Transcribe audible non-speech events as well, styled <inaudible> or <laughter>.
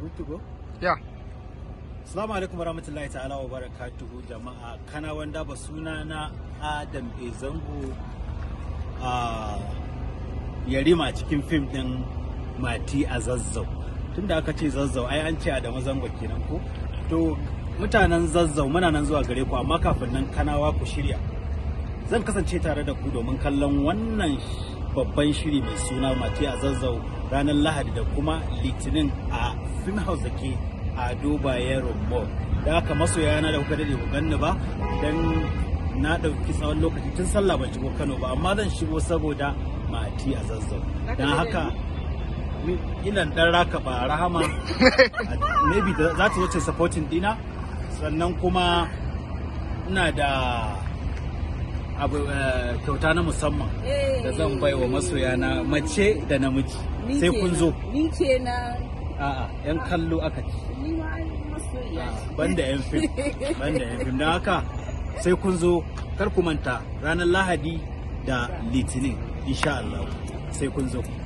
Good to go? Yeah. Assalamu alaikum rahmatullahi ta'ala wa barakatuhu jama'a kana wanda ba suna na Adam Ezangu a yarima cikin fim din Mati a Zazzau. Tunda aka ce Zazzau ai an ce Adam Zango kenan ko? To mutanen Zazzau muna nan zuwa gare ku amma kafin nan kanawa ku shirya. Zan kasance tare da ku domin kallon wannan babban shiri mai suna mati a zazzau ranar lahadi da kuma litinin a film house da ke a yaron Mall da aka masoya yana da kuka dade ganni ba don na ɗauki tsawon lokaci tun sallah ban shigo kano ba amma zan shigo saboda mati a zazzau don haka ina dan raka ba rahama <laughs> maybe za ta wuce supporting dina sannan kuma ina da abu eh, kyauta na musamman eh. da zan bai wa masoya na mace da namiji sai kun zo ni ce na a'a yan kallo aka ci banda yan fim banda yan fim don haka sai kun zo kar ku manta ranar lahadi da litinin insha Allah sai kun zo